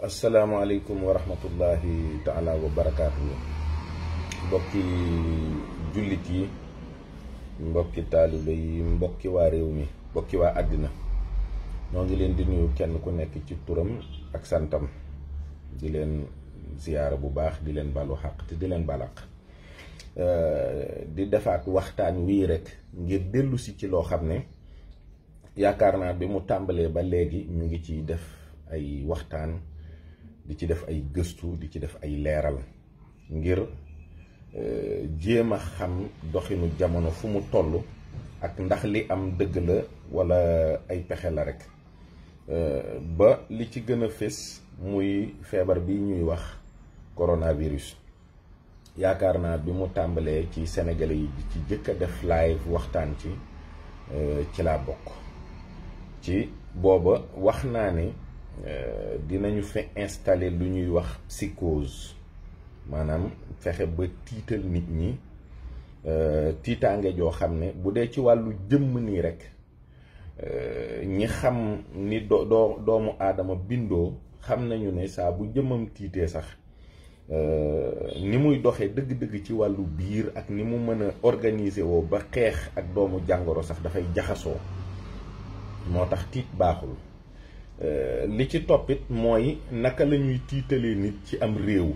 asalaamaaleykum wa rahmatullahi taala wa barakaatu mbokki jullit yi mbokki taalibe yi mbokki waa réew mi mbokki waa àddina ñoo ngi leen di nuyu kenn ku nekk ci turam ak santam di leen ziyaara bu baax di leen balu xaq te di leen balaq eh, di defaat waxtaan wii rek ngir dellu ci loo xam ne yaakaar naa bi mu tàmbalee ba léegi ñu ngi ciy def ay waxtaan di ci def ay gëstu di ci def ay leeral ngir euh, jéem a xam doxinu jamono fu mu toll ak ndax li am dëgg la walla ay pexe la rekk euh, ba li ci gën a fés muy feebar bi ñuy wax coronavirus yaakaar naa bi mu tàmbalee ci sénégalais yi di ci jëkk a def live waxtaan ci euh, ci laa bokk ci booba wax naa ne Euh, dinañu fe installer lu ñuy wax psychose maanaam fexe ba tiital nit ñi euh, tiitaange joo xam ne bu dee ci wàllu jëmm nii rek euh, ñi xam ni doo doo doomu aadama bindoo xam nañu ne saa bu jëmmam tiitee sax ni muy doxee dëgg-dëgg ci wàllu biir ak ni mu mën a organiser woo ba xeex ak doomu jàngoro sax dafay jaxasoo moo tax tiit baaxul Euh, li ci toppit mooy naka lañuy ñuy tiitalee nit ci am réew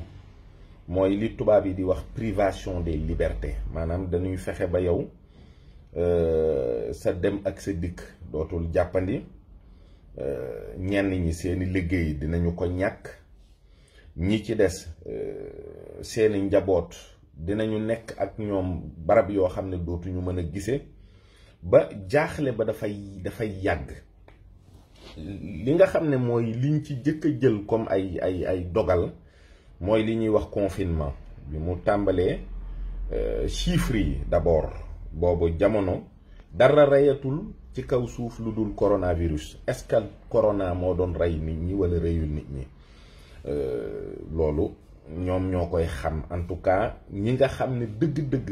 mooy li tubaab yi di wax privation des libertés maanaam dañuy fexe ba yow euh, sa dem ak sa dikk dootul jàppandi euh, ñenn ñi seeni liggéey dinañu ko ñàkk ñi ci des seeni njaboot dinañu nekk ak ñoom barab yoo xam ne dootuñu mën a gise ba jaaxle ba dafay dafay yàgg li nga xam ne mooy ñu ci jëkk a jël comme ay ay ay dogal mooy li ñuy wax confinement bi mu tàmbalee euh, chiffres yi d'abord boobu jamono dara reyatul ci kaw suuf lu dul coronavirus est-ce que corona moo doon rey nit ñi wala reyul nit ñi euh, loolu ñoom ñoo koy xam en tout cas ñi nga xam ne dëgg-dëgg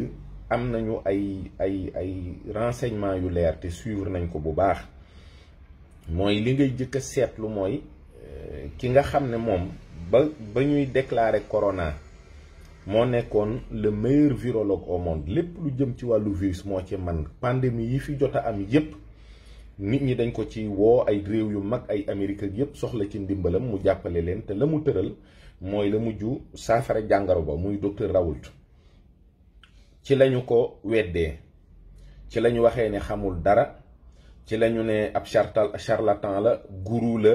am nañu ay ay ay renseignements yu leer te suivre nañ ko bu baax mooy li ngay jëkk a seetlu mooy euh, ki nga xam ne moom ba ba ñuy déclarer corona moo nekkoon la meilleur virologue au monde lépp lu jëm ci wàllu virus moo ci man pandémie yi fi jot a am yépp nit ñi dañ ko ci woo ay réew yu mag ay Amérique yépp soxla ci ndimbalam mu jàppale leen te la mu tëral mooy la mujju saafara jàngaro ba muy docteur Raoult ci lañu ko weddee ci lañu waxee ni xamul dara ci la ñu ne ab chartal charlatan la guru la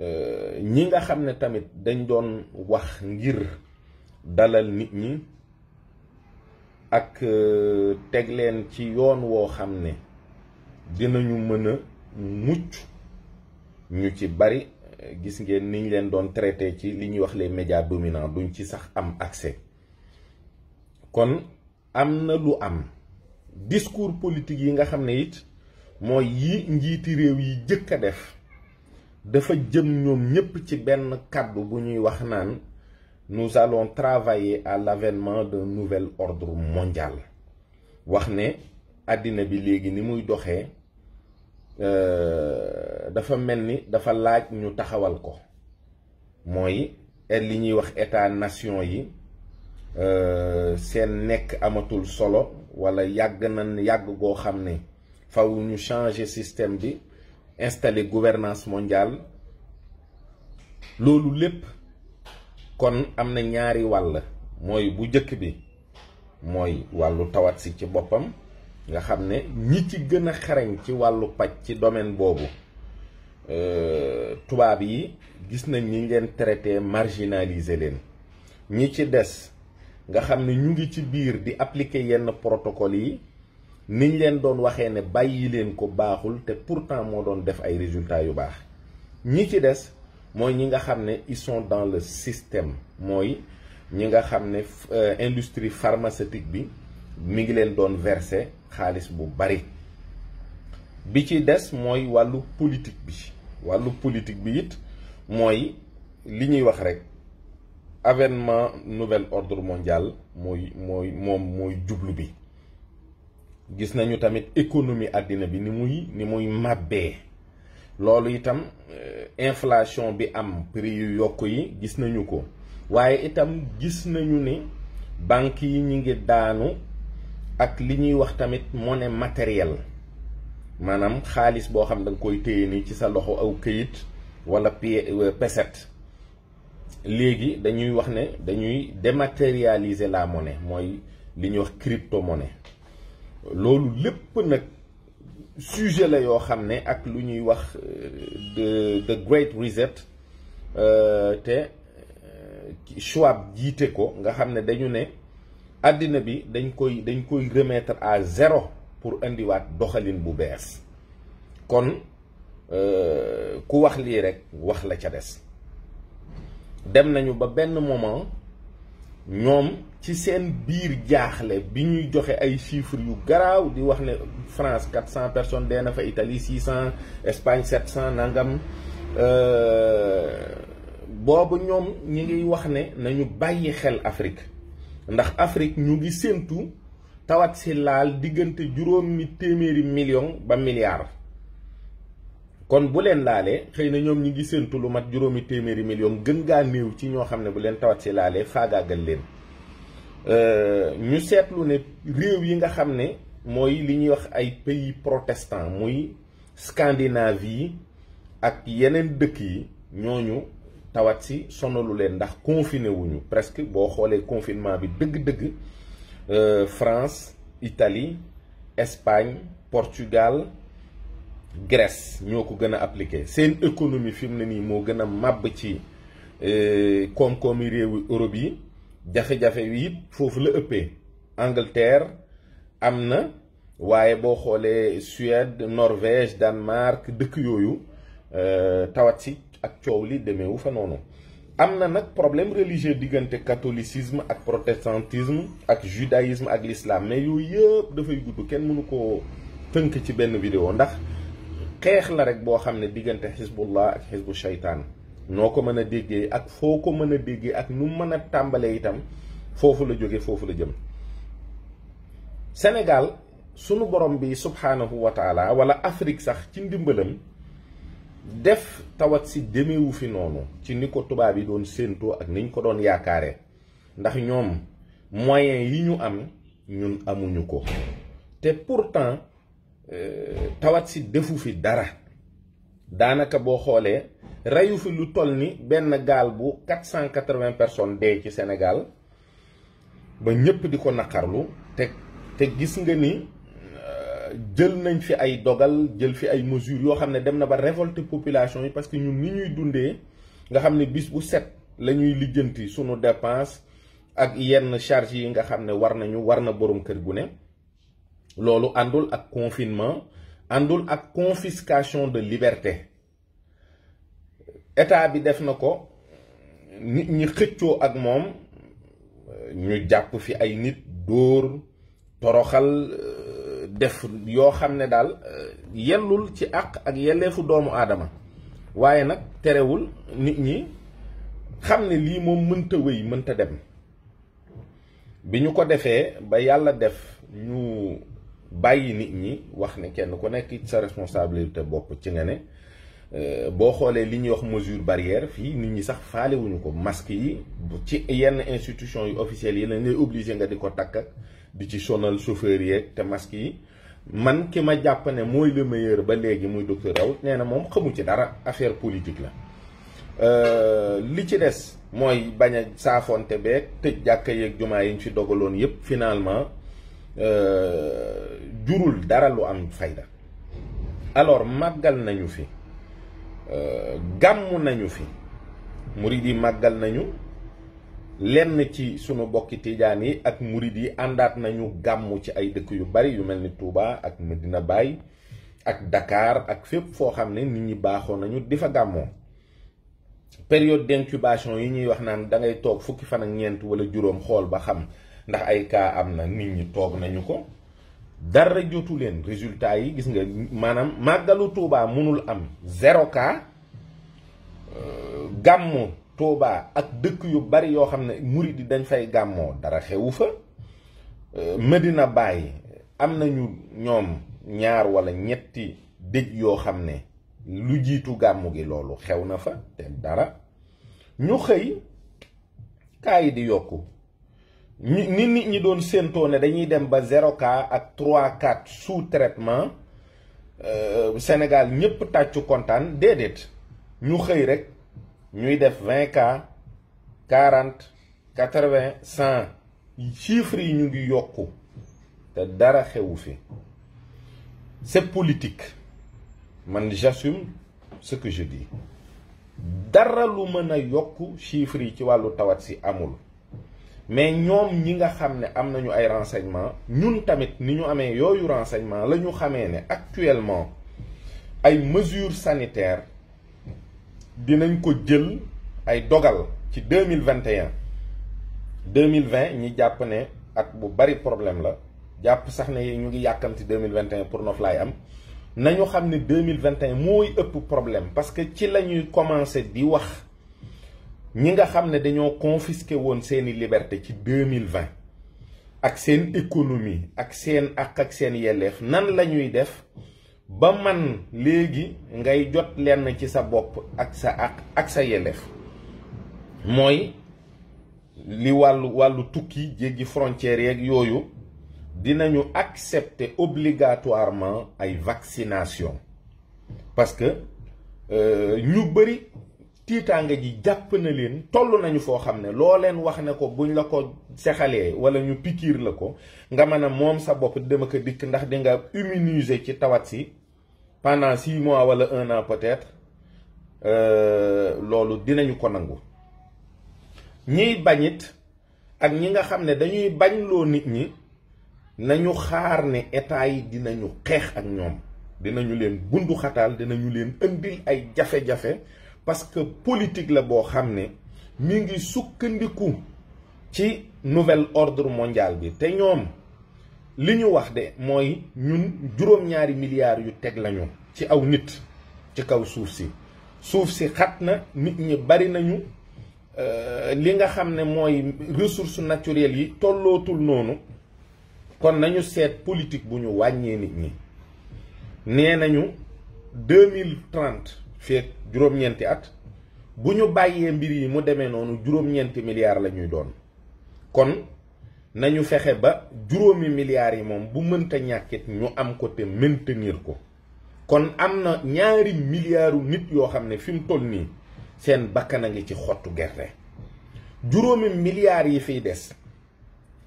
euh, ñi nga xam ne tamit dañ doon wax ngir dalal nit ñi ak euh, teg leen ci yoon woo xam ne dinañu mën a mucc ñu ci bari euh, gis ngeen niñ leen doon traité ci li ñuy wax les médias dominants duñ ci sax am accès kon am na lu am discours politique yi nga xam ne it mooy yi njiiti réew yi jëkk a def dafa jëm ñoom ñépp ci benn kàddu bu ñuy wax naan nous allons travailler à l'avènement de nouvel ordre mondial wax ne àddina bi léegi ni muy doxee euh, dafa mel ni dafa laaj ñu taxawal ko mooy li ñuy wax état nation yi euh, seen nekk amatul solo wala yàgg na yàgg goo xam ne faw ñu changer système bi installé gouvernance mondiale loolu lépp kon am na ñaari wàll mooy bu jëkk bi mooy wàllu tawat si ci boppam nga xam ne ñi ci gën a xarañ ci wàllu paj ci domaine boobu euh, tubaab yi gis nañ ni leen traité marginaliser leen ñi ci des nga xam ne ñu ngi ci biir di appliquer yenn protocole yi niñ leen doon waxee ne bàyyi leen ko baaxul te pourtant moo doon def ay résultats yu baax ñi ci des mooy ñi nga xam ne ils dans le système mooy ñi nga xam ne euh, industrie pharmaceutique bi mi ngi leen doon verser xaalis bu bari bi ci des mooy wàllu politique bi wàllu politique bi it mooy li ñuy wax rek avènement nouvel ordre mondial mooy mooy moom mooy jublu bi gis nañu tamit économie àddina bi ni muy ni muy màbbee loolu itam euh, inflation bi am prix yu yokk yi gis nañu ko waaye itam gis nañu ni banque yi ñu ngi daanu ak li ñuy wax tamit monnaie matérielle maanaam xaalis boo xam da nga koy téye nii ci sa loxo aw këyit wala euh, peset léegi dañuy wax ne dañuy dématérialiser la mone mooy li ñuy wax crypto monnaie loolu lépp nag sujet la yoo xam ne ak lu ñuy wax euh, de the great reset euh, te euh, Schwab jiite ko nga xam ne dañu ne àddina bi dañ koy dañ koy remettre à zéro pour indiwaat doxalin bu bees kon ku wax lii rek wax la ca des dem nañu ba benn moment ñoom ci seen biir jaaxle bi ñuy joxe ay chiffres yu garaaw di wax ne France quatre cent personnes dee na fa Italie six cent Espagne sept cent nangam euh, boobu ñoom ñi ngi wax ne nañu bàyyi xel Afrique ndax Afrique ñu ngi séentu tawat si laal diggante juróomi téeméeri million ba milliard kon bu leen laalee xëy na ñoom ñi ngi séentu lu mat juróomi téeméeri million gën gaa néew ci ñoo xam ne bu leen tawat si laalee faagaagal leen euh, ñu seetlu ne réew yi nga xam ne mooy li ñuy wax ay pays protestant muy Scandinavie ak yeneen dëkk yi ñooñu tawat si sonalu leen ndax confiné wuñu presque boo xoolee confinement bi dëgg-dëgg euh, France Italie Espagne Portugal Grèce ñoo ko gën a appliqué seen économie fi mu ne nii moo gën a màbb ci euh, koom-koomi réewi Europe yi jafe-jafe yi it foofu la ëppee Angleterre am na waaye boo xoolee Suède Norvège Danemark dëkk yooyu euh, tawat si ak coow li wu fa noonu am na nag problème religieux diggante catholicisme ak protestantisme ak judaïsme ak l'islam mais yooyu yëpp dafay gudd kenn mënu koo tënk ci benn vidéo ndax xeex la rek boo xam ne diggante xisbullah ak xisbu shaytaan noo ko mën a déggee ak foo ko mën a déggee ak nu mën a tàmbalee itam foofu la jóge foofu la jëm Sénégal sunu borom bi subhaanahu wa taala wala Afrique sax ci ndimbalam def tawat si demeewu fi noonu ci ni ko tubaab yi doon séentoo ak niñ ko doon yaakaare ndax ñoom moyen yi ñu am ñun amuñu ko te pourtant Euh, tawat si defu fi dara daanaka boo xoolee reyu fi lu toll ni benn gaal bu 480 personnes dee ci Sénégal ba ñëpp di ko naqarlu te te gis nga ni euh, jël nañ fi ay dogal jël fi ay mesures yoo xam ne dem na ba révolter population yi parce que ñun ni ñuy dundee nga xam ne bis bu set la ñuy lijjanti sunu dépense ak yenn charges yi nga xam ne war nañu war na borom kër gu ne. loolu àndul ak confinement àndul ak confiscation de liberté état bi def na ko nit ñi xëccoo ak moom ñu jàpp fi ay nit dóor toroxal euh, def yoo xam ne daal euh, yellul ci àq ak yelleefu doomu aadama waaye nag terewul nit ñi xam ne lii moom mënta wéy mënta dem bi ñu ko defee ba yàlla def ñu bàyyi nit ñi wax ne kenn ku nekk sa responsabilité bopp ci nga ne euh, boo xoolee li ñuy wax mesure barrière fii nit ñi sax faalewuñu ko masque yi ci yenn institution yu officielles yi lañ lay obligé nga di ko takk ak di ci sonal chauffeur yeeg te masque yi man ki ma jàpp ne mooy le meilleur ba léegi muy docteur Raoult nee na moom xamu ci dara affaire politique la euh, li ci des mooy bañ a saafonte beeg tëj jàkka yeeg jumaa yi ñu fi dogaloon yépp finalement Euh, jurul dara lu am fayda alors màggal nañu fi euh, gàmm nañu fi murid yi màggal nañu lenn ci sunu bokki tiijaan yi ak murid yi àndaat nañu gàmm ci ay dëkk yu bari yu mel ni Touba ak Medina Baye ak dakaar ak fépp foo xam ne nit ñi baaxoo nañu di fa gàmmoo période d'incubation yi ñuy wax naan da ngay toog fukki fan ak ñeent wala juróom xool ba xam ndax ay kaa am na nit ñi toog nañu ko dara jotu leen résultat yi gis nga maanaam màggalu Touba mënul am zéro cas euh, gàmmu Touba ak dëkk yu bari yoo xam ne murid yi dañ fay gàmmoo dara xew fa euh, Medina Baye am nañu ñoom ñaar walla ñetti dëj yoo xam ne lu jiitu gàmmu gi loolu xew na fa te dara ñu xëy kaa yi di yokku ni nit ñi doon séentoo ne dañuy dem ba zéro cas ak trois quatre sous traitement euh, Sénégal ñëpp tàccu kontaan déedéet ñu xëy rek ñuy def vingt cas quarante quatre vingt cent chiffres yi ñu ngi yokku te dara xewu fi c'est politique man j'assume ce que je dara lu mën a yokku chiffres yi ci wàllu tawat si amul. mais ñoom ñi nga xam ne am nañu ay renseignements ñun tamit ni ñu amee yooyu renseignements la ñu xamee ne actuellement ay mesures sanitaires dinañ ko jël ay dogal ci deux mille vingt et un mille vingt ñi jàpp ne ak bu bari problème la jàpp sax na ne ñu ngi yàkkamti deux mille vingt et pour nof laay am nañu xam ne deux mille vingt et un mooy ëpp problème parce que ci la ñuy commencé di wax. ñi nga xam ne dañoo confisqué woon seeni liberté ci deux mille vingt ak seen économie ak seen ak ak seen yelleef nan la ñuy def ba man léegi ngay jot lenn ci sa bopp ak sa ak ak sa yelleef mooy li wàllu wàllu tukki jéggi frontières yeeg yooyu dinañu accepter obligatoirement ay vaccination parce que euh, ñu bëri tiitaanga ji jàpp na leen toll nañu foo xam ne loo leen wax ne ko buñ la ko sexalee wala ñu pikiir la ko nga mën a moom sa bopp dama ko dikk ndax di nga immuniser ci tawat si pendant six mois wala un an peut-être euh, loolu dinañu ko nangu ñiy bañit ak ñi nga xam ne dañuy bañloo nit ñi nañu xaar ne état yi dinañu xeex ak ñoom dinañu leen bundu xataal dinañu leen indil ay jafe-jafe parce que politique la boo xam ne mi ngi sukkandiku ci nouvelle ordre mondial bi te ñoom li ñu wax de mooy ñun juróom-ñaari milliards yu teg lañu ci aw nit ci kaw suuf si suuf si xat na nit ñi bari nañu euh, li nga xam ne mooy ressources naturelles yi tollootul noonu kon nañu seet politique bu ñu wàññee nit ñi nee nañu deux fii juróom at bu ñu bàyyee mbir yi mu demee noonu juróom-ñeenti la ñuy doon kon nañu fexe ba juróomi milliards yi moom bu mënta ñàkkit ñu am ko te maintenir ko kon am na ñaari milliardu nit yoo xam ne fi mu toll nii seen bakkan a ngi ci xottu gerte juróomi milliards yi fiy des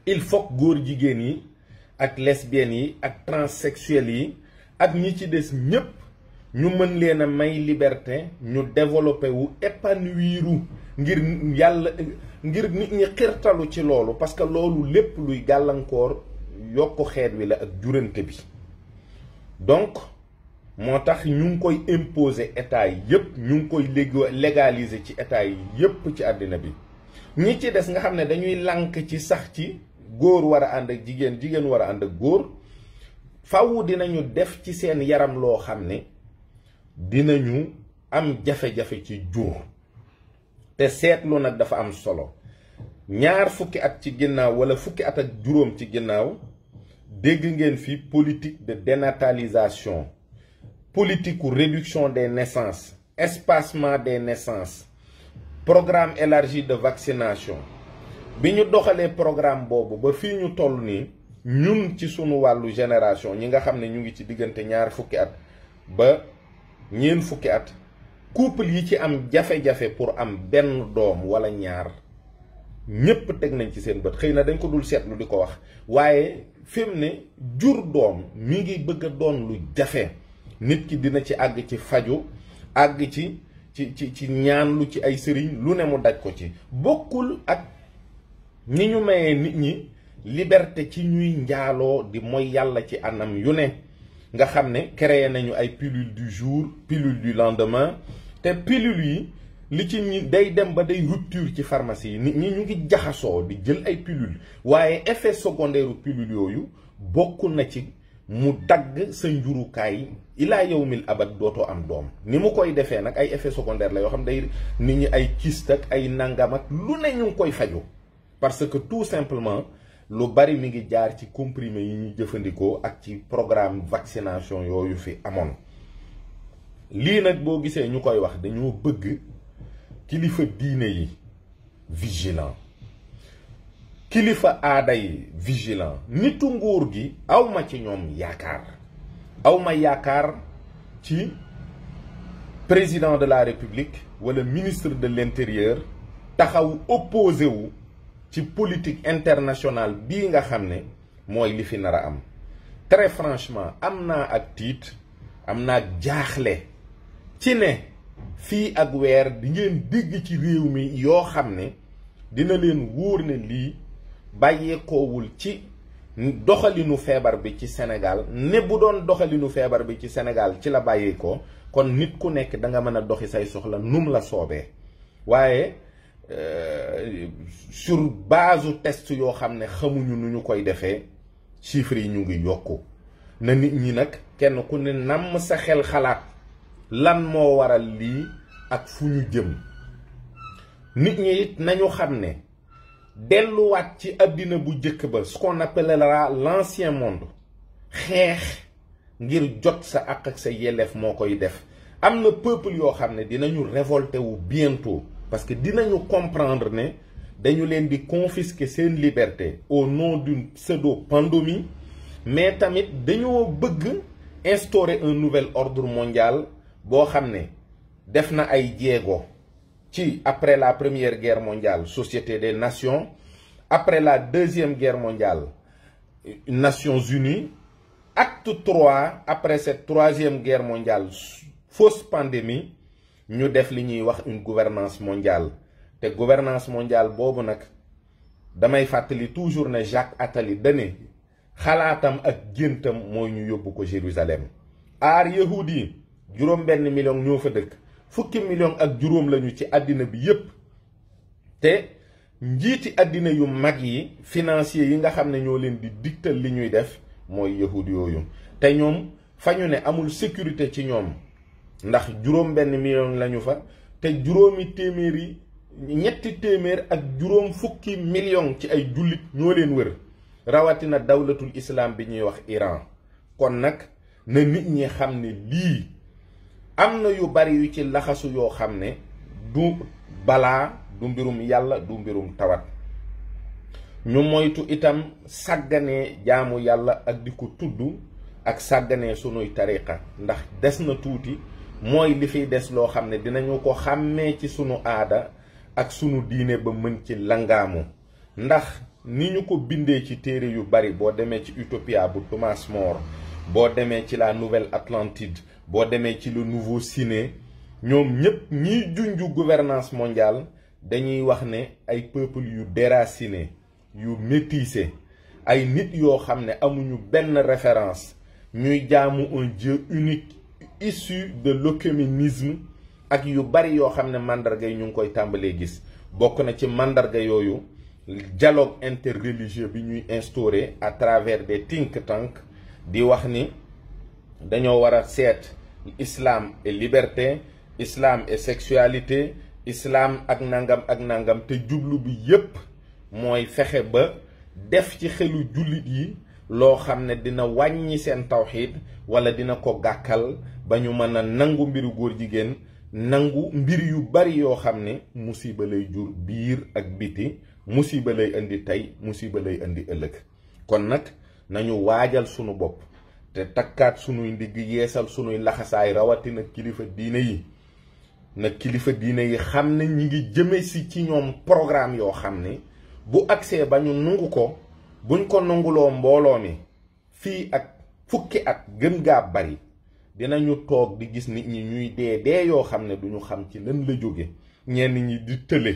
il faut góor jigéen yi ak lesbiennes yi ak transsexuels yi ak ñi ci des ñépp ñu mën leen a may liberté ñu développé wu épanouiru ngir yàlla ngir nit ñi xirtalu ci loolu parce que loolu lépp luy gàllankoor yokk xeet wi la ak jurante bi donc moo tax ñu ngi koy imposer état yi yépp ñu ngi koy légaliser ci état yi yépp ci àddina bi ñi ci des nga xam ne dañuy lànk ci sax ci góor war a ànd ak jigéen jigéen war a ànd ak góor fawu dinañu def ci seen yaram loo xam ne dina ñu am jafe-jafe ci jur te seetlu nag dafa am solo ñaar fukki at ci ginnaaw wala fukki at ak juróom ci ginnaaw dégg ngeen fi politique de dénatalisation politique ou réduction des naissances espacement des naissances programme élargi de vaccination bi ñu doxalee programme boobu ba fii ñu toll nii ñun ci sunu wàllu génération ñi nga xam ne ñu ngi ci diggante ñaar fukki at ba ñeent fukki at couple yi ci am jafe-jafe pour am benn doom wala ñaar ñépp teg nañ ci seen bët xëy na dañ ko dul seetlu di ko wax waaye fi ne jur doom mi ngi bëgg a doon lu jafe nit ki dina ci àgg ci faju àgg ci ci ci ci ñaan lu ci ay sëriñ lu ne mu daj ko ci bokkul ak ni ñu mayee nit ñi liberté ci ñuy njaaloo di mooy yàlla ci anam yu ne nga xam ne créé nañu ay pilule du jour pilule du lendemain te pilule yi li ci ñi day dem ba day rupture ci pharmacie yi nit ñi ñu ngi jaxasoo di jël ay pilule waaye effet secondaire u yooyu bokku na ci mu dagg sa njurukaay ilaa yawmil abad dootoo am doom ni mu koy defee nag ay effet secondaire la yoo xam day nit ñi ay kyste ak ay nangam ak lu ne ñu koy faju parce que tout simplement lu bari mi ngi jaar ci comprimé yi ñu jëfandikoo ak ci programme vaccination yooyu fi amoon lii nag boo gisee ñu koy wax dañoo bëgg kilifa diine yi vigilant kilifa aada yi vigilant nitu nguur gi awma ci ñoom yaakaar awma yaakaar ci président de la république wala ministre de l'intérieur taxaw opposé wu ci politique internationale bii nga xam ne mooy li fi nar a am très franchement am na ak tiit am naa ak jaaxle ci ne fii ak weer di ngeen dégg ci réew mi yoo xam ne dina leen wóor ne lii bàyyeekoowul ci doxalinu feebar bi ci Sénégal ne bu doon doxalinu feebar bi ci Sénégal ci la bàyyeekoo kon nit ku nekk danga nga mën a doxi say soxla num la soobee waaye Euh, sur base test yoo xam ne xamuñu nu ñu koy defee chiffres yi ñu ngi yokku na nit ñi nag kenn ku ne namm sa xel xalaat lan moo waral lii ak fu ñu jëm nit ñi it nañu xam ne delluwaat ci àddina bu jëkk ba ce qu'on appellera l'ancien monde xeex ngir jot sa àq ak sa yelleef moo koy def am na peuple yoo xam ne dinañu révolté wu bientôt parce que dinañu comprendre ne dañu leen di confisquer seen liberté au nom d'une pseudo pandémie mais tamit dañoo bëgg instaurer un nouvel ordre mondiale boo xam ne def na ay jéego ci après la première guerre mondiale société des nations après la deuxième guerre mondiale nations unies acte trois après cette troisième guerre mondiale fausse pandémie ñu def li ñuy wax une gouvernance mondiale te gouvernance mondiale boobu nag damay fàttali toujours ne Jacques Attali dane xalaatam ak géntam mooy ñu yóbbu ko Jérusalem aar yahuud yi juróom benn million ñoo fa dëkk fukki million ak juróom lañu ci àddina bi yépp te njiiti àddina yu mag yi financier yi nga xam ne ñoo leen di digtal li ñuy def mooy yahuud yooyu te ñoom fa ñu ne amul sécurité ci ñoom ndax juróom benn million lañu fa te juróomi téeméer ñetti téeméer ak juróom fukki million ci ay jullit ñoo leen wër rawatina dawlatul islam bi ñuy wax Iran kon nag na nit ñi xam ne lii am na yu bari yu ci laxasu yoo xam ne du balaa du mbirum yàlla du mbirum tawat ñu moytu itam sàgganee jaamu yàlla ak dikku tudd ak sàgganee sunuy tariqa ndax des na tuuti mooy li fiy des loo xam ne dinañu ko xàmmee ci suñu aada ak sunu diine ba mën ci langaamu ndax ni ñu ko bindee ci téere yu bari boo demee ci Utopia bu Thomas More boo demee ci la Nouvelle Atlantide boo demee ci le Nouveau Ciné ñoom ñépp ñiy junju gouvernance mondiale dañuy wax ne ay peuple yu déraciné yu métissé ay nit yoo xam ne amuñu benn référence ñuy jaamu un dieu unique issu de l'œcuménisme ak yu bari yoo xam ne mandarga yi ñu ngi koy tàmbalee gis bokk na ci mandarga yooyu dialogue interreligieux bi ñuy instauré à travers des think tank di wax ni dañoo war a seet islam et liberté islam et sexualité islam ak nangam ak nangam te jublu bi yépp mooy fexe ba def ci xelu jullit yi loo xam ne dina wàññi seen tawxiid wala dina ko gàkkal ba ñu mën a nangu mbiru góor jigéen nangu mbir yu bari yoo xam ne musiba lay jur biir ak biti musiba lay indi tey musiba lay indi ëllëg kon nag nañu waajal sunu bopp te takkaat sunuy ndigg yeesal sunuy laxasaay rawatina kilifa diine yi nag kilifa diine yi xam ne ñi ngi jëme si ci ñoom programme yoo xam ne bu agsee ba ñu nungu ko buñ ko nanguloo mbooloo mi fii ak fukki ak gën gaa bari dinañu toog di gis nit ñi ñuy dee yoo xam ne duñu xam ci lan la jóge ñenn ñi di tële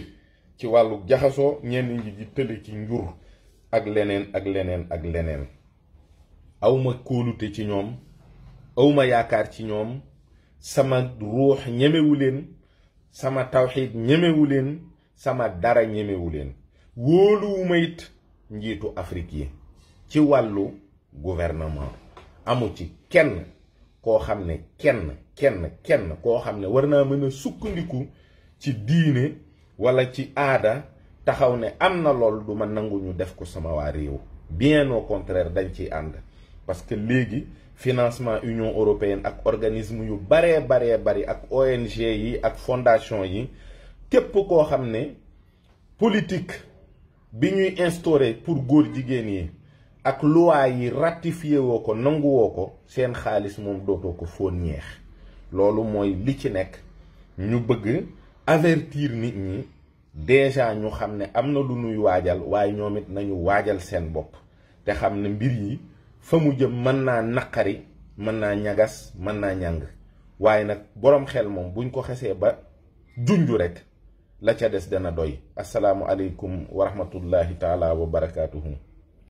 ci wàllu jaxasoo ñenn ñi di tële ci njur ak leneen ak leneen ak leneen awma kóolute ci ñoom awma yaakaar ci ñoom sama ruux ñemewu leen sama tawxiid ñemewu leen sama dara ñemewu leen wóoluwuma it njiitu Afrique yi ci wàllu gouvernement amu ci kenn koo xam ne kenn kenn kenn koo xam ne war naa mën sukkandiku ci diine wala ci aada taxaw ne am na lool du ma nangu ñu def ko sama waa réew bien au contraire dañ ciy ànd parce que léegi financement Union européenne ak organisme yu baree baree bari ak ONG yi ak fondation yi képp koo xam ne politique bi ñuy instauré pour góor jigéen yi ak loi yi ratifié woo ko nangu woo ko seen xaalis moom dootoo ko foon ñeex loolu mooy li ci nekk ñu bëgg avertir nit ñi déjà ñu xam ne am na lu nuy waajal waaye ñoom it nañu waajal seen bopp te xam ne mbir yi fa mu jëm mën naa naqari mën naa ñagas mën naa ñàng waaye nag boroom xel moom buñ ko xesee ba junju rek la ca des dana doy asalaamu aleykum wa rahmatullahi taala wa barakaatuhu